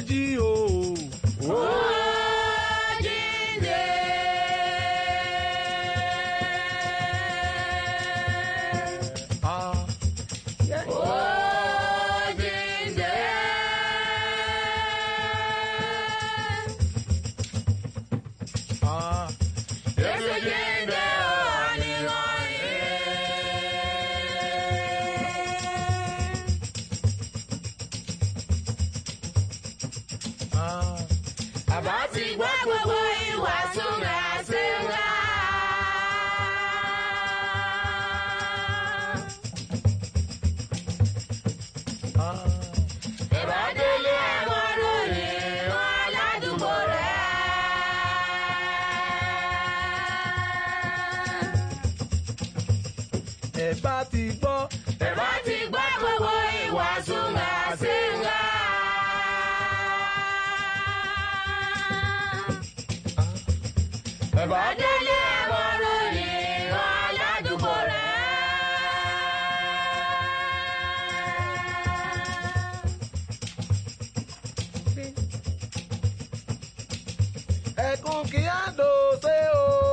rodeou. Oh! àbá ti gbọ́ gbogbo ìwà súnra síra. bàbá délé wọn ròyìn aládùúgbò rẹ̀. ẹkún kí á dòde o.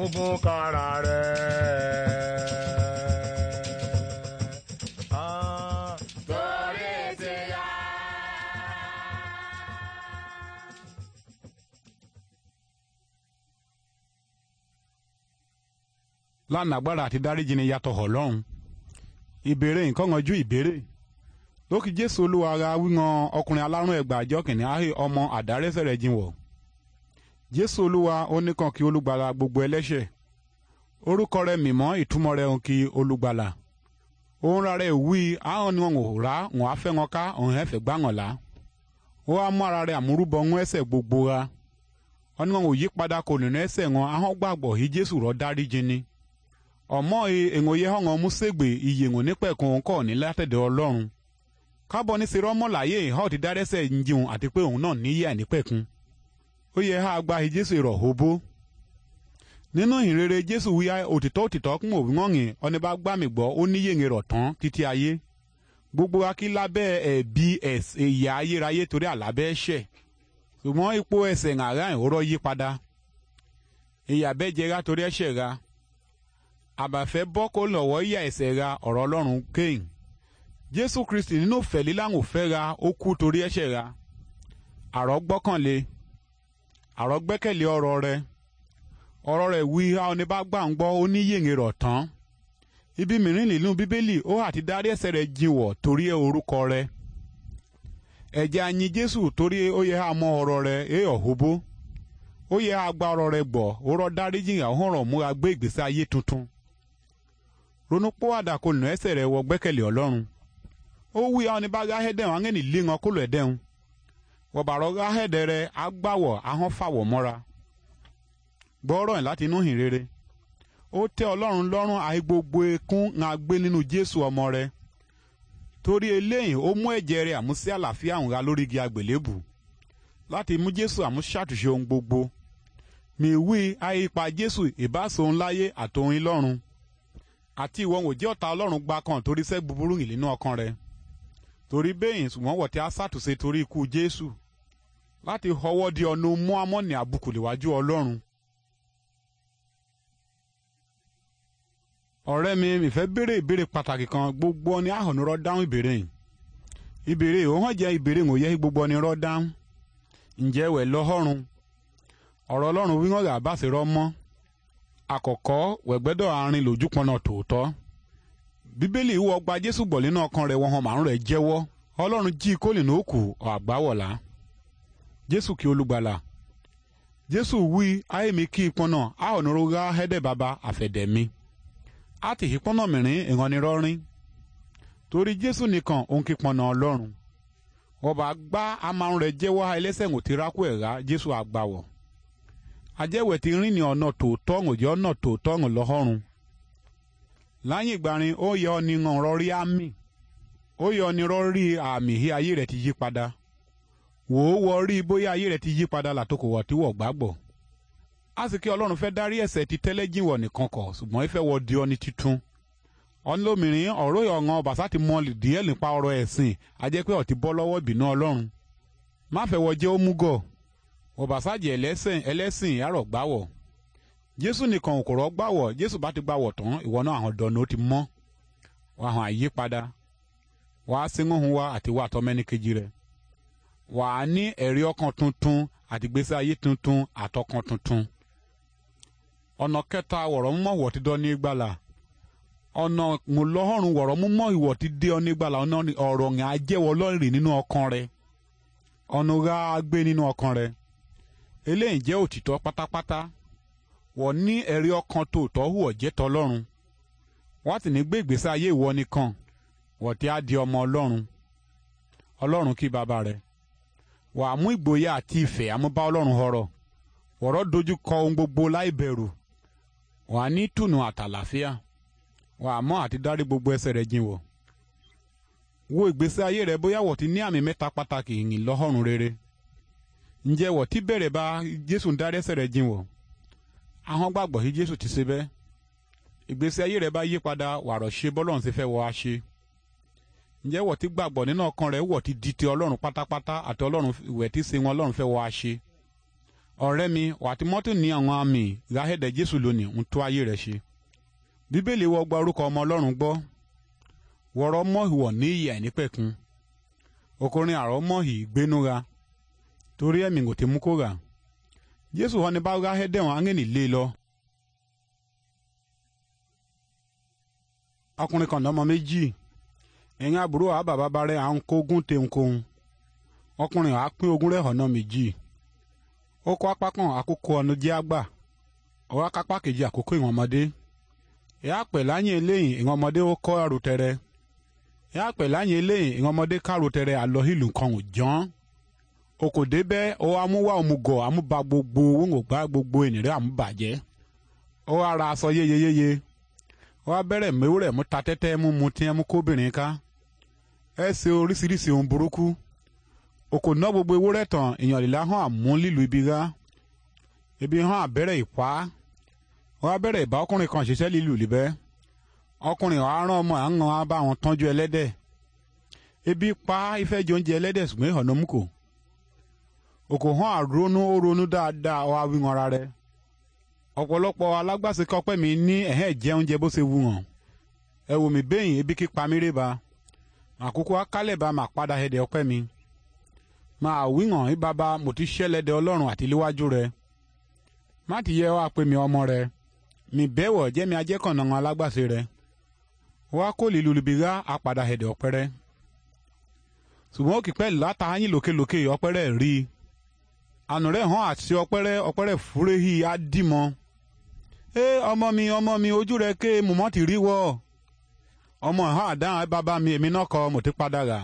mú gun kára rẹ̀. torí ti yá. lánàá agbára àti dáríjì ni yàtọ̀ hàn lọ́hùn ìbéèrè nǹkan ọjọ́ ìbéèrè lókè jésù olúwa ara wíwọn ọkùnrin alárùn ẹgbàá àjọkìnrin àhẹ ọmọ àdárẹ́sẹ̀rẹ̀ jinwọ̀. jésù olúwa oníkan kí olùgbàlà gbogbo ẹlẹ́ṣẹ̀ orúkọ rẹ mìmọ́ ìtumọ̀ rẹ hàn kí olùgbàlà òun rárá ìwí ahọ́n ni wọn ò rá wọn á fẹ́ wọn ká òun ẹ̀fẹ̀ gbá wọn là ó wá mú ara rẹ àmúrúbọ ń ẹ̀ṣẹ̀ gbogbo wa wọn wọn ò yí padà kò nínú ẹ̀ṣẹ̀ wọn ahọ́n gbàgbọ́ yìí jésù rọ dárí jini ọmọ èèyàn yẹ hàn wọn mú ségbè iye wọn nípẹ̀kùn òun kọ́ ní látẹ̀dẹ̀ ọlọ́run kábọ̀ ní serọ́mọ́láyé ìhọ́ọ̀tì dárẹ́sẹ̀ ń jìun àti pé òun náà níyà nípẹ̀kùn ó yẹ ha gba Jésù ìrọ̀ hobo nínú ìhìnrere Jésù wíyá òtítọ́ òtítọ́ kún òwúngọ̀ngìn ọni bá gbà mí gbọ́ ó níyè ń rọ̀ tán títí ayé gbogbo wa kí lábẹ́ ẹ̀bi ẹ̀ṣẹ̀ ìyà ayérayé torí àlábẹ́ ẹ̀ṣẹ̀ ṣùgbọ́n ipò ẹ̀ṣẹ̀ ńàrá ìhóró yí padà ìyà bẹ́ẹ̀ jẹra torí ẹ̀ṣẹ̀ ra àbàfẹ́ bọ́ kó lọ́wọ́ ìyà ẹ̀ṣẹ̀ ra ọ̀rọ̀ Ọlọ́run kéyìn Jésù Kristi nínú fẹ̀lí láwọn ò fẹ́ ra ó kú torí ẹ̀ṣẹ̀ ra àrọ́ gbọ́kànlé àrọ́ gbẹ́kẹ̀lé ọrọ rẹ ọrọ rẹ wí a ò ní bá gbà ń gbọ ó ní yèyìn rọ̀ tán ibi mìíràn nínú bíbélì ó àti dárí ẹ̀ṣẹ̀ rẹ jìnwọ̀ torí orúkọ rẹ ẹ̀jẹ̀ anyi jésù torí ó yẹ àmọ́ ọrọ rẹ é ó yẹ ọrọ rẹ àhóhàn mú agbé ìgbésí ayé tuntun nù rẹ wọ ó wí àwọn lé wọn kó lọ wọ̀bàrọ̀ ahẹ́dẹrẹ agbáwọ̀ ahọ́n fàwọ̀ mọ́ra gbọ́rọ̀ ẹ̀ láti inú hìn rere ó tẹ́ ọlọ́run lọ́rùn àì gbogbo ekún ń gbé nínú jésù ọmọ rẹ torí eléyìí ó mú ẹ̀jẹ̀ rẹ̀ àmúsí àlàáfíà ń lórí igi àgbélébù láti mú jésù àmúṣàtúnṣe ohun gbogbo mi wí àyípa jésù láyé àtòhun àti ìwọ̀n òjẹ́ ọlọ́run torí ọkàn torí bẹ́yìn wọ́n wọ̀ tí a ṣàtúnṣe torí ikú Jésù láti họwọ́ di ọ̀nà mú amọ́ni àbùkù léwájú Ọlọ́run. ọ̀rẹ́ mi ìfẹ́ béèrè ìbéèrè pàtàkì kan gbogbo ọni ahọ̀nirọ́ dáhùn ìbéèrè yìí ìbéèrè òun hàn jẹ́ ìbéèrè òun gbogbo ọni rọ́ dáhùn ǹjẹ́ wẹ̀ lọ́họ́run ọ̀rọ̀ Ọlọ́run wíwọ́n gà bá ṣe rọ́ mọ́ àkọ́kọ́ wẹ̀gbẹ́dọ̀ àárín lójú tòótọ́ bíbélì ìwọ gba jésù gbọ̀ nínú ọkàn rẹ̀ wọ́n hàn màrún rẹ̀ jẹ́wọ́ ọlọ́run jí kólìnà òkú àgbáwọ̀lá jésù kí olùgbàlà jésù wí ayémi kí ìpọnà a ò nírú gá hẹ́dẹ̀ bàbá àfẹ̀dẹ̀mí a ti ìpọnà mìíràn ìrànnirọ́rin torí jésù nìkan òun kí ìpọnà ọlọ́run ọba gbá amárun rẹ̀ jẹ́wọ́ ẹlẹ́sẹ̀ ń ti rákú ẹ̀rá jésù àgbàwọ̀ ajẹ́wẹ̀ ti rìn ní ọ̀nà tòótọ́ òjò ọ̀nà tòótọ́ lọ́họ́run láyìn ìgbàrin ó yẹ ọ ní ọ̀rọ̀ rí àmì ó yẹ ọ ní rọ́rí àmì hí ayé rẹ̀ ti yí padà wò ó wọ rí bóyá ayé rẹ̀ ti yí padà làtòkò wọ̀ tí wọ̀ gbàgbọ́ a sì kí ọlọ́run fẹ́ dárí ẹ̀ṣẹ̀ ti tẹ́lẹ̀ jìnwọ̀ nìkan kọ̀ ṣùgbọ́n ìfẹ́ wọ di ọni tuntun ọlọ́mìnrin ọ̀rọ̀ ọ̀ngàn bàṣà ti mọ díẹ̀ nípa ọ̀rọ̀ ẹ̀sìn ajẹ́ pé ó bọ́ lọ́wọ́ ìbínú ọlọ́run má fẹ́ wọ jẹ́ ó mú gọ̀ ọ̀bàṣà jẹ́ ẹlẹ́sìn ẹlẹ́sìn àrọ̀gbáwọ̀ jésù nìkan ò kò rọ́ gbàwọ̀ jésù bá ti gbàwọ̀ tán ìwọ náà àwọn dọ̀nà ti mọ́ wàá hàn àyípadà wàá sínúhun wa àti wàá tọ́mẹ́nìkejì rẹ̀ wàá ní ẹ̀rí ọkàn tuntun àti gbèsè ayé tuntun àtọkàn tuntun ọ̀nà kẹta wọ̀rọ̀ mọ́ wọ̀ ti dán ní gbàlà ọ̀nà ńlọ́rùn wọ̀rọ̀ mọ́ ìwọ̀ ti dé ọ ní gbàlà ọ̀rọ̀ yẹn á jẹ́wọ́ lọ́rìn nínú ọkàn rẹ̀ ọ̀nà ra gbé nínú ọkàn rẹ̀ eléyìí jẹ́ òtítọ́ pátápátá wọ́n ní ẹ̀rí ọkàn tòótọ́ hù ọ̀jẹ́ tọlọ́run wọ́n ti ní gbé ìgbésẹ̀ ayé ìwọ nìkan wọ́n ti á ọmọ ọlọ́run ọlọ́run kí bàbá rẹ̀ Wọ́n á mú ìgboyà àti ìfẹ́ àmúbá ọlọ́run wọ́n wọ̀rọ̀ dojú kọ ohun gbogbo láì bẹ̀rù wọ́n á ní tùnú àtàlàfíà wà á mọ́ gbogbo ẹsẹ̀ rẹ̀ jìn wo ìgbésẹ̀ ayé rẹ̀ àwọn gbàgbọ́ yìí Jésù ti ṣe bẹ́ẹ̀ ìgbésí ayé rẹ bá yí padà wàrọ̀ ṣe bọ́lọ́run ṣe fẹ́ wọ aṣe ǹjẹ́ wọ́n ti gbàgbọ́ nínú ọkàn rẹ̀ wọ́n ti di ti ọlọ́run pátápátá àti ọlọ́run ìwẹ̀ tí ṣe wọn ọlọ́run fẹ́ wọ aṣe ọ̀rẹ́ mi wà tí mọ́tò ní àwọn àmì ìráhẹ́dẹ̀ Jésù lónìí ń tó ayé rẹ̀ ṣe bíbélì wọ gba orúkọ ọmọ ọlọ́run gbọ́ wọ̀rọ̀ mọ́ ní ìyà ìnípẹ̀kun ọkùnrin àrọ́ mọ́ torí ẹ̀mí kò ti mú kó rà Yesu hɔ ne bawo ahe dɛn aŋɛ ne le lɔ. Ọkùnrin kan lọ́mọ méjì ẹ̀yìn àbúrò àbá bàbá rẹ̀ à ń kógun tẹ̀ ń kóhun ọkùnrin àá pín ogún rẹ̀ ọ̀nà méjì ó kó apá kan àkókò ọ̀nà jẹ́ àgbà ọ̀rọ̀ akápá kejì àkókò ìwọ̀n ọmọdé ẹ̀ àpẹ̀ láyìn eléyìn ìwọ̀n ọmọdé ó kọ́ àròtẹ̀rẹ̀ ẹ̀ àpẹ̀ eléyìn ìwọ̀n ọmọdé káròtẹ̀rẹ̀ àlọ́ kan ò o kò débẹ̀ ó amúwá ọmụgọ amụba gbogbo wọn ò gbogbo gbogbo ènìyàn àmúbàjẹ́ ó ara aṣọ yeyeyeye ó abẹ́rẹ́ mẹ́wúrẹ́ mú ta tẹ́tẹ́ mú mu tí ẹ mú kóbìnrin ká ẹ ṣe oríṣiríṣi ohun burúkú o gbogbo ewúrẹ́ tán èèyàn ibi ibi hàn ìpá ìbá ọkùnrin kan lílu ọkùnrin ọmọ pa oúnjẹ o kò hàn àrónú ó ronú dáadáa ọ̀há wíwọ̀nra rẹ. ọ̀pọ̀lọpọ̀ alágbàsíkọ pẹ́ mi ní ẹ̀hẹ́ jẹ́ oúnjẹ bó ṣe wù wọ́n ẹ wò mí bẹ́yìn ebi mi ba àkókò akálẹ̀ bá máa padà ẹ̀dẹ̀ ọpẹ́ mi máa wíwọ̀n ní bàbá mo ọmọ rẹ mi bẹ́wọ̀ jẹ́ mi alágbàsí rẹ kó apàdà ẹ̀dẹ̀ ọpẹ́rẹ́ ṣùgbọ́n látà áyín ànúrẹ́ hàn àti ọpẹ́rẹ́ ọpẹ́rẹ́ fúréhì á dìmọ́ ẹ ọmọ mi ọmọ mi ojú rẹ ké mọ̀mọ́ ti rí wọ́ ọmọ ẹ̀hán àdáhùn ẹ mi èmi náà kọ́ mo ti padà rà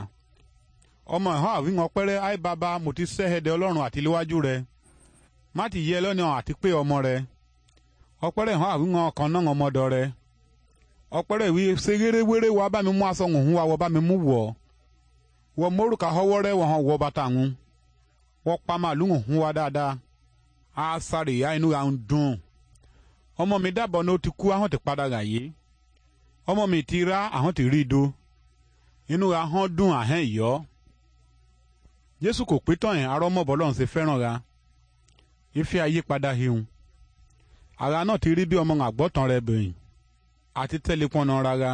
ọmọ ẹ̀hán àwìn ọpẹ́rẹ́ ẹ ti sẹ́hẹ̀dẹ̀ ọlọ́run àti léwájú rẹ má ọmọ rẹ ọpẹ́rẹ́ àwìn ọkàn náà ọmọdọ rẹ ọpẹ́rẹ́ ìwé wa bá mi mú wa mi mú wọ̀ wọ́n pa màálùú hùn wá dáadáa á sáré ìyá inú ra ń dùn ọmọ mi dábọ̀ ní ó ti kú ahọ́n ti padà rà yé ọmọ mi ti rá ahọ́n ti rí do inú ra hán dùn ahẹ́n ìyọ́ Jésù kò pé tán ẹ̀ arọ́mọ̀bọ́ lọ́run ṣe fẹ́ràn ra ìfẹ́ ayé padà ara náà ti rí bí ọmọ àgbọ̀tàn rẹ̀ bẹ̀yìn àti tẹ́lẹ̀ pọnà rárá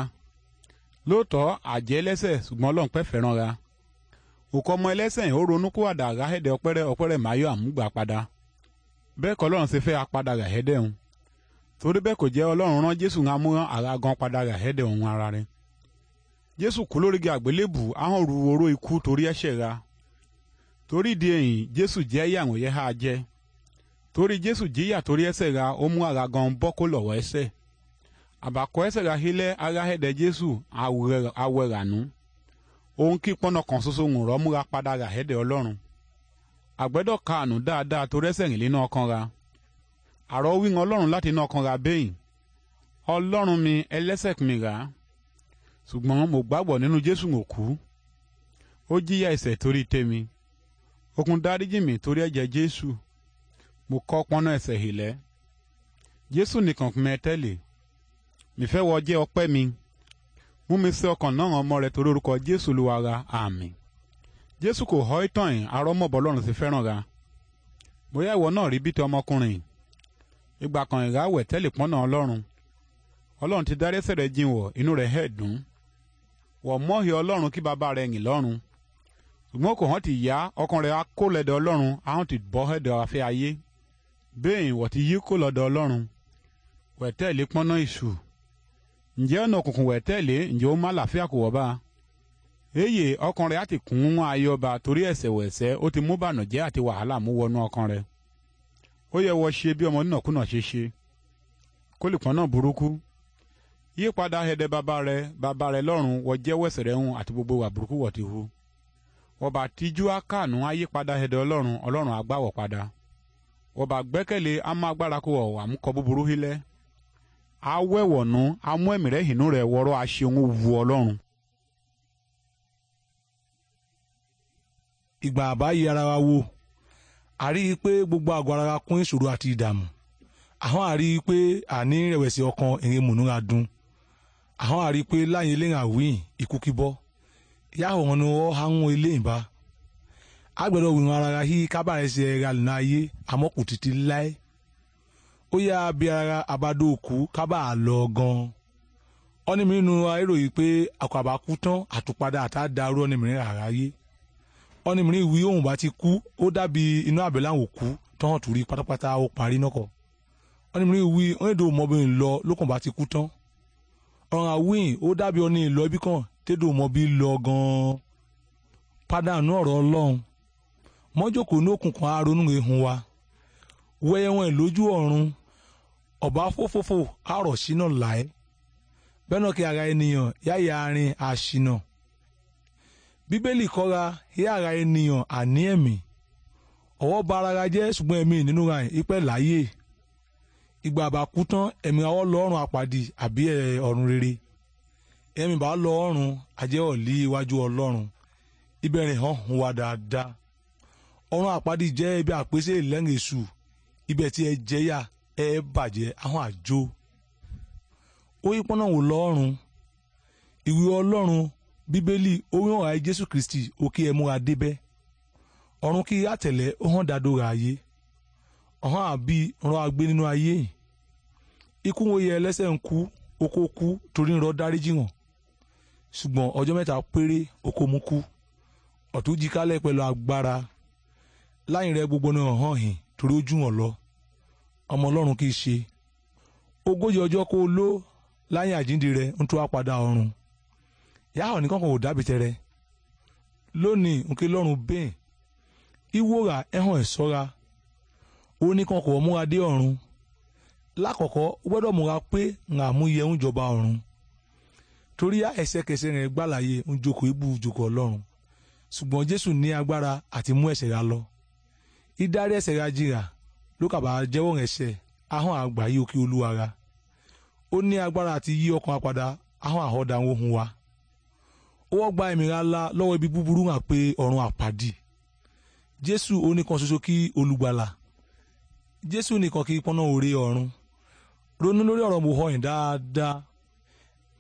lóòótọ́ àjẹ́ lẹ́sẹ̀ ṣùgbọ́n ọlọ́run pẹ́ fẹ́ràn ra. òkú ọmọ ẹlẹ́sẹ̀ ó ronú kó àdá àgáhẹ́dẹ́ ọpẹ́rẹ́ ọpẹ́rẹ́ máyọ̀ àmúgbà padà bẹ́ẹ̀ kọ́ ọlọ́run ṣe fẹ́ apadà gàhẹ́dẹ́ òun torí bẹ́ẹ̀ kò jẹ́ ọlọ́run rán jésù ńlá mú ara padà gàhẹ́dẹ́ òun ara rẹ̀ jésù kú àgbélébù torí ẹ̀ṣẹ̀ ra torí èyí jésù jẹ́ yẹ́ ha jẹ́ torí jésù jíyà torí ẹ̀ṣẹ̀ ra ó mú ara bọ́ kó lọ̀wọ́ ẹ̀ṣẹ̀ àbàkọ́ ẹ̀ṣẹ̀ ra hílẹ̀ jésù òun kí pọ́nà kan ṣoṣo ń rọ́ múra padà rà ẹ̀dẹ̀ ọlọ́run àgbẹ̀dọ̀ kaànù dáadáa tó rẹ́sẹ̀rìn lé náà kanra àrọ́ wíran ọlọ́run láti náà kanra bẹ́yìn ọlọ́run mi ẹlẹ́sẹ̀ mi rà á ṣùgbọ́n mo gbàgbọ́ nínú jésù mo kú ó jíyà ẹ̀ṣẹ̀ torí tèmi okùn dáríjì mi torí ẹ̀jẹ̀ jésù mo kọ́ pọ́nà ẹ̀ṣẹ̀ hìlẹ́ jésù nìkan mẹ́tẹ́lẹ̀ mi fẹ́ wọ jẹ́ ọpẹ́ mi mú mi sí ọkàn náà ọmọ rẹ torí orúkọ jésù olúwa wa àmín jésù kò họ́ ìtàn yìí arọ́mọ̀bọ́ lọ́run sì fẹ́ràn ra bóyá ìwọ náà rí bí ti ọmọkùnrin ìgbà kan ìráwẹ̀ tẹ́lẹ̀ pọ́nà ọlọ́run ọlọ́run ti dárí ẹ̀ṣẹ̀ rẹ jìn wọ̀ inú rẹ̀ hẹ̀ dùn wọ̀ mọ́hì ọlọ́run kí bàbá rẹ̀ yìn lọ́run ṣùgbọ́n kò hàn ti yá ọkàn rẹ̀ akó lẹ́dọ̀ ọlọ́run ahọ́n ti bọ́ ẹ̀dọ̀ afẹ́ ayé bẹ́ẹ̀ wọ̀ ti yí kó lọ́dọ̀ ọlọ́run wẹ̀tẹ́ẹ̀lì pọ́nà ìṣù ǹjẹ́ ọ̀nà òkùnkùn wẹ̀ tẹ̀lé ǹjẹ́ ó má làáfíà kò wọ́ bá a. eye ọkàn rẹ̀ á ti kún wọn ayọba torí ẹ̀ṣẹ̀ wẹ̀ṣẹ̀ ó ti mú bànújẹ́ àti wàhálà mú wọnú ọkàn rẹ̀. ó yẹ wọ ṣe bí ọmọ nínàkúnà ṣe ṣe kó lè pọn náà burúkú. yípadà ẹ̀dẹ̀ bàbá rẹ̀ bàbá rẹ̀ lọ́rùn wọ jẹ́wọ́ ẹ̀ṣẹ̀ rẹ̀ hùn àti gbogbo wà burúkú wọ̀ ti hu. ọba tíjú akáànú ayípadà ẹ̀dẹ̀ ọlọ́run ọlọ́run àgbáwọ̀ padà. ọba gbẹ́kẹ̀lé amágbára kó wọ̀ wà mú kọ búburú hílẹ̀ á wẹ̀wọ̀nú á mú ẹ̀mí rẹ̀ hìnú rẹ̀ wọ́rọ́ á ṣe ohun wu ọlọ́run. ìgbà àbáyé ara wa wo a rí i pé gbogbo àgọ́ ara wa kún ìṣòro àti ìdààmú àwọn àrí i pé àní rẹ̀wẹ̀sì ọkàn èrè mùnúra dùn àwọn àrí i pé láyé lẹ́yìn àwìn ikú kíbọ́ yàwọ̀ wọn ni wọ́n á ń ilé ìbá agbẹ̀dọ̀ wìwọ̀n ara yìí kábàárẹ̀ ṣe ẹ̀rọ àlùná ayé àmọ́kù títí ó yá abiara abádóòkú kábà lọ gan ọ ní mìíràn ayéròyìn pé àkàbà kú tán àtúpadà àtàdàrú ọ ní mìíràn àráyé ọ ní mìíràn ìwé òun bá ti kú ó dàbí inú àbẹ̀là òkú tán àtúrí pátápátá ó parí náà kọ ọ ní mìíràn ìwé ó ní ìdòwò mọ́bìnrin lọ lókàn bá ti kú tán ọ̀ràn àwìn ó dàbí ọ ìlọ ibì kan tẹ́dọ̀ mọ́ lọ gan-an ọ̀rọ̀ ọlọ́run mọ́jòkó ní òkùnkùn aronú ehun wa wẹ́ẹ́wọ̀n lójú ọ̀run ọ̀báfófófó àròsínà láé bẹ́ẹ̀ náà kí ara ènìyàn yáyà arin àṣìnà bíbélì kọ́ra yá ara ènìyàn àní ẹ̀mí ọwọ́ ba ara jẹ́ ṣùgbọ́n ẹ̀mí nínú ra ìpẹ́ láyé ìgbà àbàkú tán ẹ̀mí àwọ̀ lọ́rùn àpàdé àbí ọ̀run rere ẹ̀mí bá lọ ọ̀run àjẹ́ ọ̀lí iwájú ọlọ́run ìbẹ̀rẹ̀ hàn hùn wá dáadáa ọ̀run àpàdé jẹ́ ibi àpèsè lẹ́yìn ibẹ̀ tí ẹ jẹ́yà ẹ bàjẹ́ àwọn àjò ó yí pọ́nà wò lọ́rùn ìwé ọlọ́run bíbélì oyún ọ̀hà jésù kristi òkè ẹ̀múra débẹ̀ ọ̀run kí àtẹ̀lẹ́ ó hàn dàdóra ayé ọ̀hán àbí ran agbé nínú ayé yìí ikú wo yẹ ẹlẹ́sẹ̀ ń kú oko kú torí ń rọ dáríjì hàn ṣùgbọ́n ọjọ́ mẹ́ta péré oko mú kú ọ̀tún jí kálẹ̀ pẹ̀lú agbára láyìn rẹ gbogbo náà hàn hìn torí ó hàn lọ ọmọ ọlọ́run kì í ṣe ogójì ọjọ́ kó o ló láyé àjíǹde rẹ ń tún wá padà ọ̀run yàrá òní kankan ò dábì tẹrẹ lónìí nkè lọ́run bẹ́ẹ̀ ìwòrà ẹ̀hàn ẹ̀ṣọ́ra òní kankan ọ̀múra dé ọ̀run lákọ̀ọ́kọ́ gbọ́dọ̀ múra pé ńlá àmúyẹ ń jọba ọ̀run torí ẹsẹ̀kẹsẹ̀ rẹ̀ gbàlàyé ń jókòó ibú jókòó ọlọ́run ṣùgbọ́n jésù ní agbára àti mú ẹ̀ṣẹ̀ ra lọ ìdárí ẹ̀ṣẹ̀ ra jìrà ló kà bá jẹ́wọ́ ẹ̀ṣẹ̀ ahọ́n àgbà yìí òkè olúwa ra ó ní agbára àti yí ọkàn apadà ahọ́n àhọ́dà ń hùn wa ó wọ́n gba ẹ̀mí ńlá lọ́wọ́ ibi búburú hàn pé ọ̀run àpàdì jésù oníkan ṣoṣo kí olùgbàlà jésù nìkan kì í pọ́nà òré ọ̀run ronú lórí ọ̀rọ̀ mòhọ́yìn dáadáa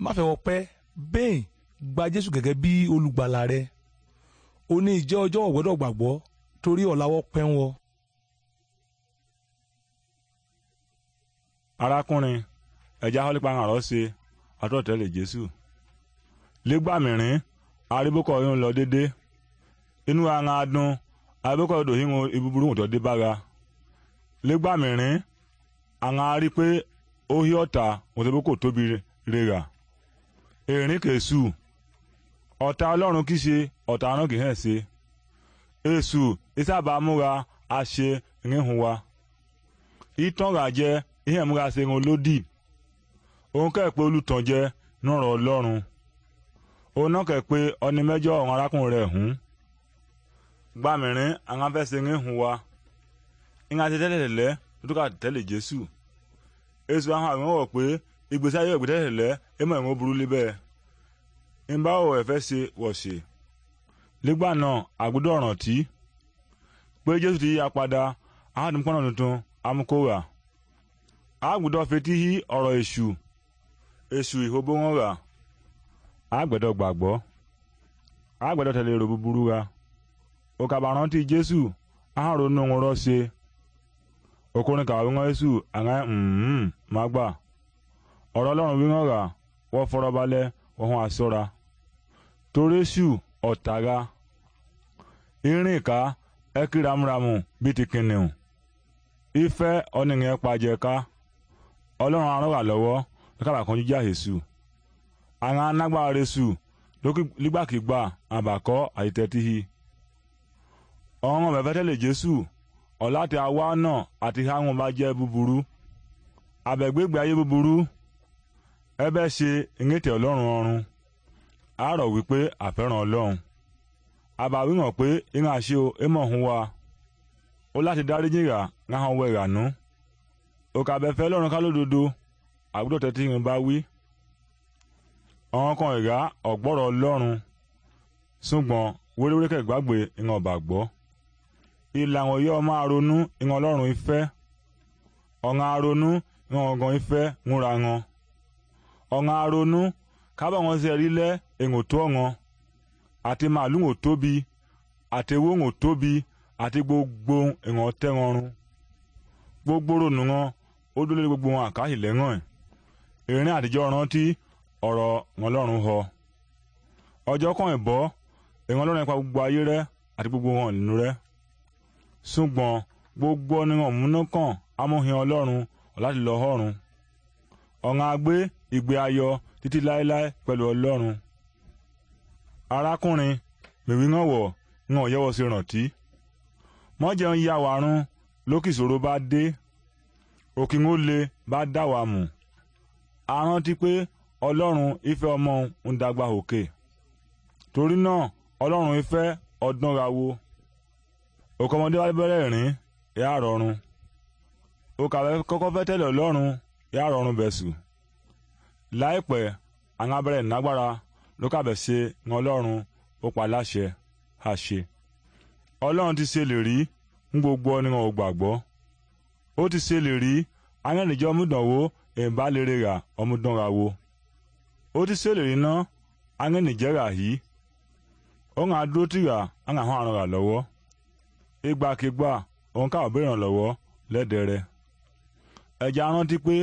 má fẹ́ wọ pẹ́ bẹ́ẹ̀ gba jésù gẹ́gẹ́ bí olùgbàlà rẹ o ní ìjẹ́ ọjọ́ ọ̀gbọ́dọ̀ gbàgbọ́ torí ọ̀làwọ́ pẹ́ ń arákùnrin ẹja hólípàǹrọ̀ ṣe àtọ̀tẹ̀lẹ̀ jésù lẹ́gbà mìíràn aríbókọ̀ yóò lọ dédé inú ara dùn aríbókọ̀ yìí wọn ibúburú wọn tó dé bára àwọn arí pé ó hí ọ̀tá wọn tóbi ọlọ́run kì í ṣe ihe múra ṣe irun lódì òun kẹ́ pé olùtànjẹ nùrọ̀ ọlọ́run òun náà kẹ́ pé ọni mẹ́jọ ọ̀run arákùnrin rẹ̀ hùn gbàmìrín àwọn afẹ́sẹ̀ ń hùn wa ìhàn àti tẹ́lẹ̀tẹ̀lẹ́ tó ká tẹ̀lé jésù èso àwọn àwọn wọ̀ pé ìgbésí ayé ìgbésí tẹ́lẹ̀tẹ̀lẹ́ èmọ̀ ìwọ̀n burú líbẹ̀ ń bá òwò ẹ̀fẹ́ ṣe wọ̀ ṣe nígbà náà àgùdọ̀ tí pé jésù ti yí apadà àwọn àdìmúkọ́nà tuntun amúkówà. agbedɔ fetihi ọrọ esu esu ihobonɔ ɣa agbedɔ gbagbɔ agbedɔ tɛlɛro buburu ɣa òkabarɔnti jésù aharo nuŋurɔ se okorin kawo ŋɔ esu aŋɛ mm ma gba ɔrɔ lɔrun wiŋɔ ɣa wɔfɔrɔbalɛ wɔhɔn asɔra torí esu ɔtaɣa irin ka ɛkiramuramu bi ife ɔniŋɛ kpadzɛ ọlọ́run arán lọ́wọ́ lọ́kàbà kan jíjà èṣù arán anágbára rẹ̀ṣù nígbàkigbà àbàkọ́ àìtẹ́tíhi ọ̀run bẹ̀fẹ́tẹ̀lẹ̀ jésù ọ̀láti àwa náà àti háwọn bá jẹ́ búburú ayé búburú ṣe ọlọ́run àárọ̀ wípé àfẹ́ràn ọlọ́run pé ìrìn àṣẹ ìmọ̀ wa ó láti òkàbẹ̀fẹ́ lọ́run ká lódodo àgbọ̀dọ̀ tẹ́tí ìrìn bá wí àwọn kan ìgá ọ̀gbọ́rọ̀ ọlọ́run ṣùgbọ́n wéréwéré kẹgbàgbé ìran ọ̀bà gbọ́ ìlà àwọn yóò máa ronú ìran ọlọ́run ìfẹ́ ọ̀ràn aronú ìran ọ̀gàn ìfẹ́ ńra wọn ọ̀ràn aronú kábọ̀ wọn ṣe rí lẹ́ èèyàn tó ọ̀ràn àti màálù ò tóbi àti ewúro ò tóbi àti gbogbo èèyàn tẹ́ranrun gbogbo ronú wọn ó dúró lórí gbogbo wọn àkáàsì lẹ́gàn ẹ̀ erin àtijọ́ rántí ọ̀rọ̀ wọn lọ́rùn họ ọjọ́ kan ìbọ́ ìwọn lọ́rùn ipa gbogbo ayé rẹ àti gbogbo wọn nínú rẹ ṣùgbọ́n gbogbo ọ̀nìyàn múnákàn amóhin ọlọ́run láti lọ ọ̀run ọ̀ràn agbé ìgbé ayọ̀ títí láéláé pẹ̀lú ọlọ́run arákùnrin mèwí ń wọ̀ ń yẹ̀wọ̀ sí rántí mọ́jẹun yà wàrún lókìsòro bá dé okinule ó le bá dà wá mú a rántí pé ọlọ́run ife ọmọ ń dàgbà òkè torí náà ọlọ́run ife ọdún ra wo òkú wa bẹ̀rẹ̀ rìn yà rọrùn òkú kọ́kọ́ fẹ́ tẹ̀lé ọlọ́run yà rọrùn bẹ̀sù láìpẹ́ àwọn abẹ́rẹ́ ìnágbára ló kàbẹ̀ ṣe ọlọ́run ó pa láṣẹ ti ṣe lè rí ń gbogbo ó ti ṣe lè rí arìnrìnjọ ọmúdànwó ìbálẹ̀rẹ̀rà ọmúdànrawó ó ti ṣe lè rí ná arìnrìnjẹ́rà yìí ó ń adúró tìrà ń àhán àrùn rà lọ́wọ́ ìgbàkigbà òun káwọ́ bẹ̀rẹ̀ lọ́wọ́ lẹ́dẹ̀rẹ̀ ẹ̀jẹ̀ arántí pé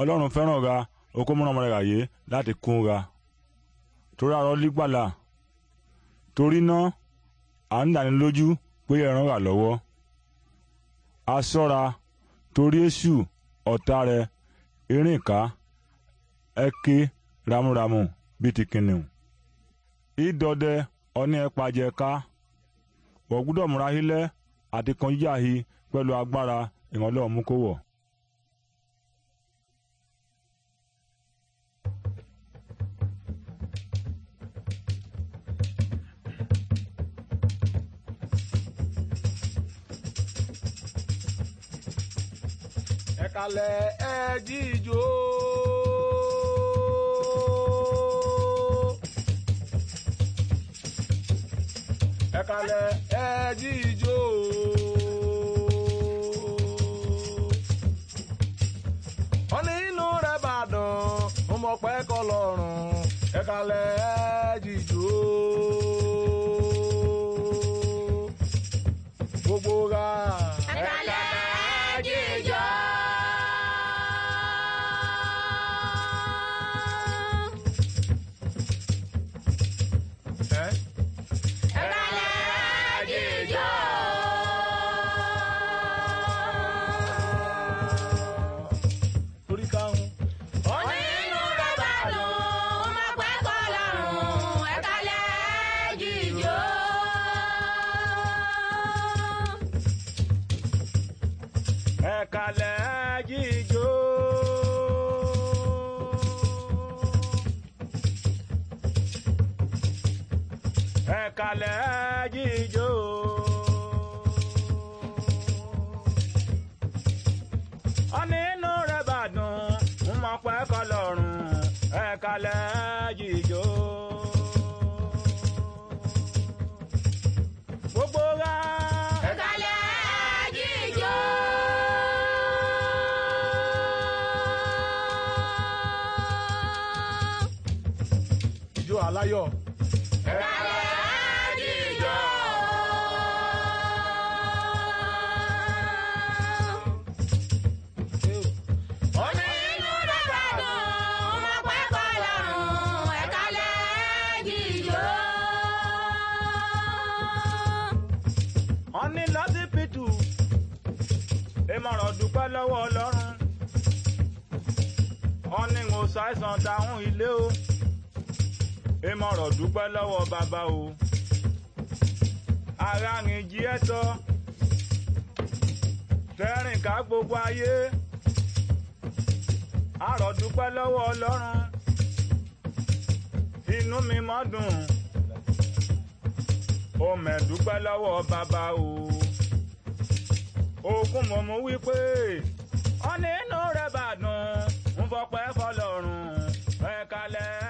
ọlọ́run fẹ́ràn ra okó múra ọmọdé ràyè láti kún ra torí àrọ́ lígbàlà torí náà à ń dánilójú pé ẹran rà lọ́wọ́ a torí èṣù ọ̀tá rẹ̀ erínká ẹ ké ramúramù bíi ti kìnìún. ìdọdẹ ọní ẹpàjẹ ká wọ́n gbọ́dọ̀ hílẹ̀ àti kan yíyá pẹ̀lú agbára ìrànlọ́wọ́ mú kó wọ̀. kalẹ̀ ẹ jíjó. ẹ kalẹ̀ ẹ jíjó. wọ́n inú rẹ̀ bàdàn ọmọ pẹ́ kọ́ ẹ kalẹ̀ ẹ jíjó. láyọ̀ aláyọ̀. ẹ̀rọ àjíjọ. ìmọ̀ràn dúpẹ́ lọ́wọ́ ọlọ́run wọn ní ń wo ṣàìsàn dáhùn ilé o ẹ mọ̀rọ̀ dúpẹ́ lọ́wọ́ bàbá o ara rìn jí ẹ tọ́ tẹ́rìn ká gbogbo ayé àrọ̀ dúpẹ́ lọ́wọ́ ọlọ́run inú mi mọ́ dùn ó mẹ̀dúpẹ́ lọ́wọ́ bàbá o okun mọ̀ mú wípé ọ́ nínú rẹ̀ bàdàn ń fọpẹ́ fọlọ́run ẹ̀ka lẹ́ẹ̀.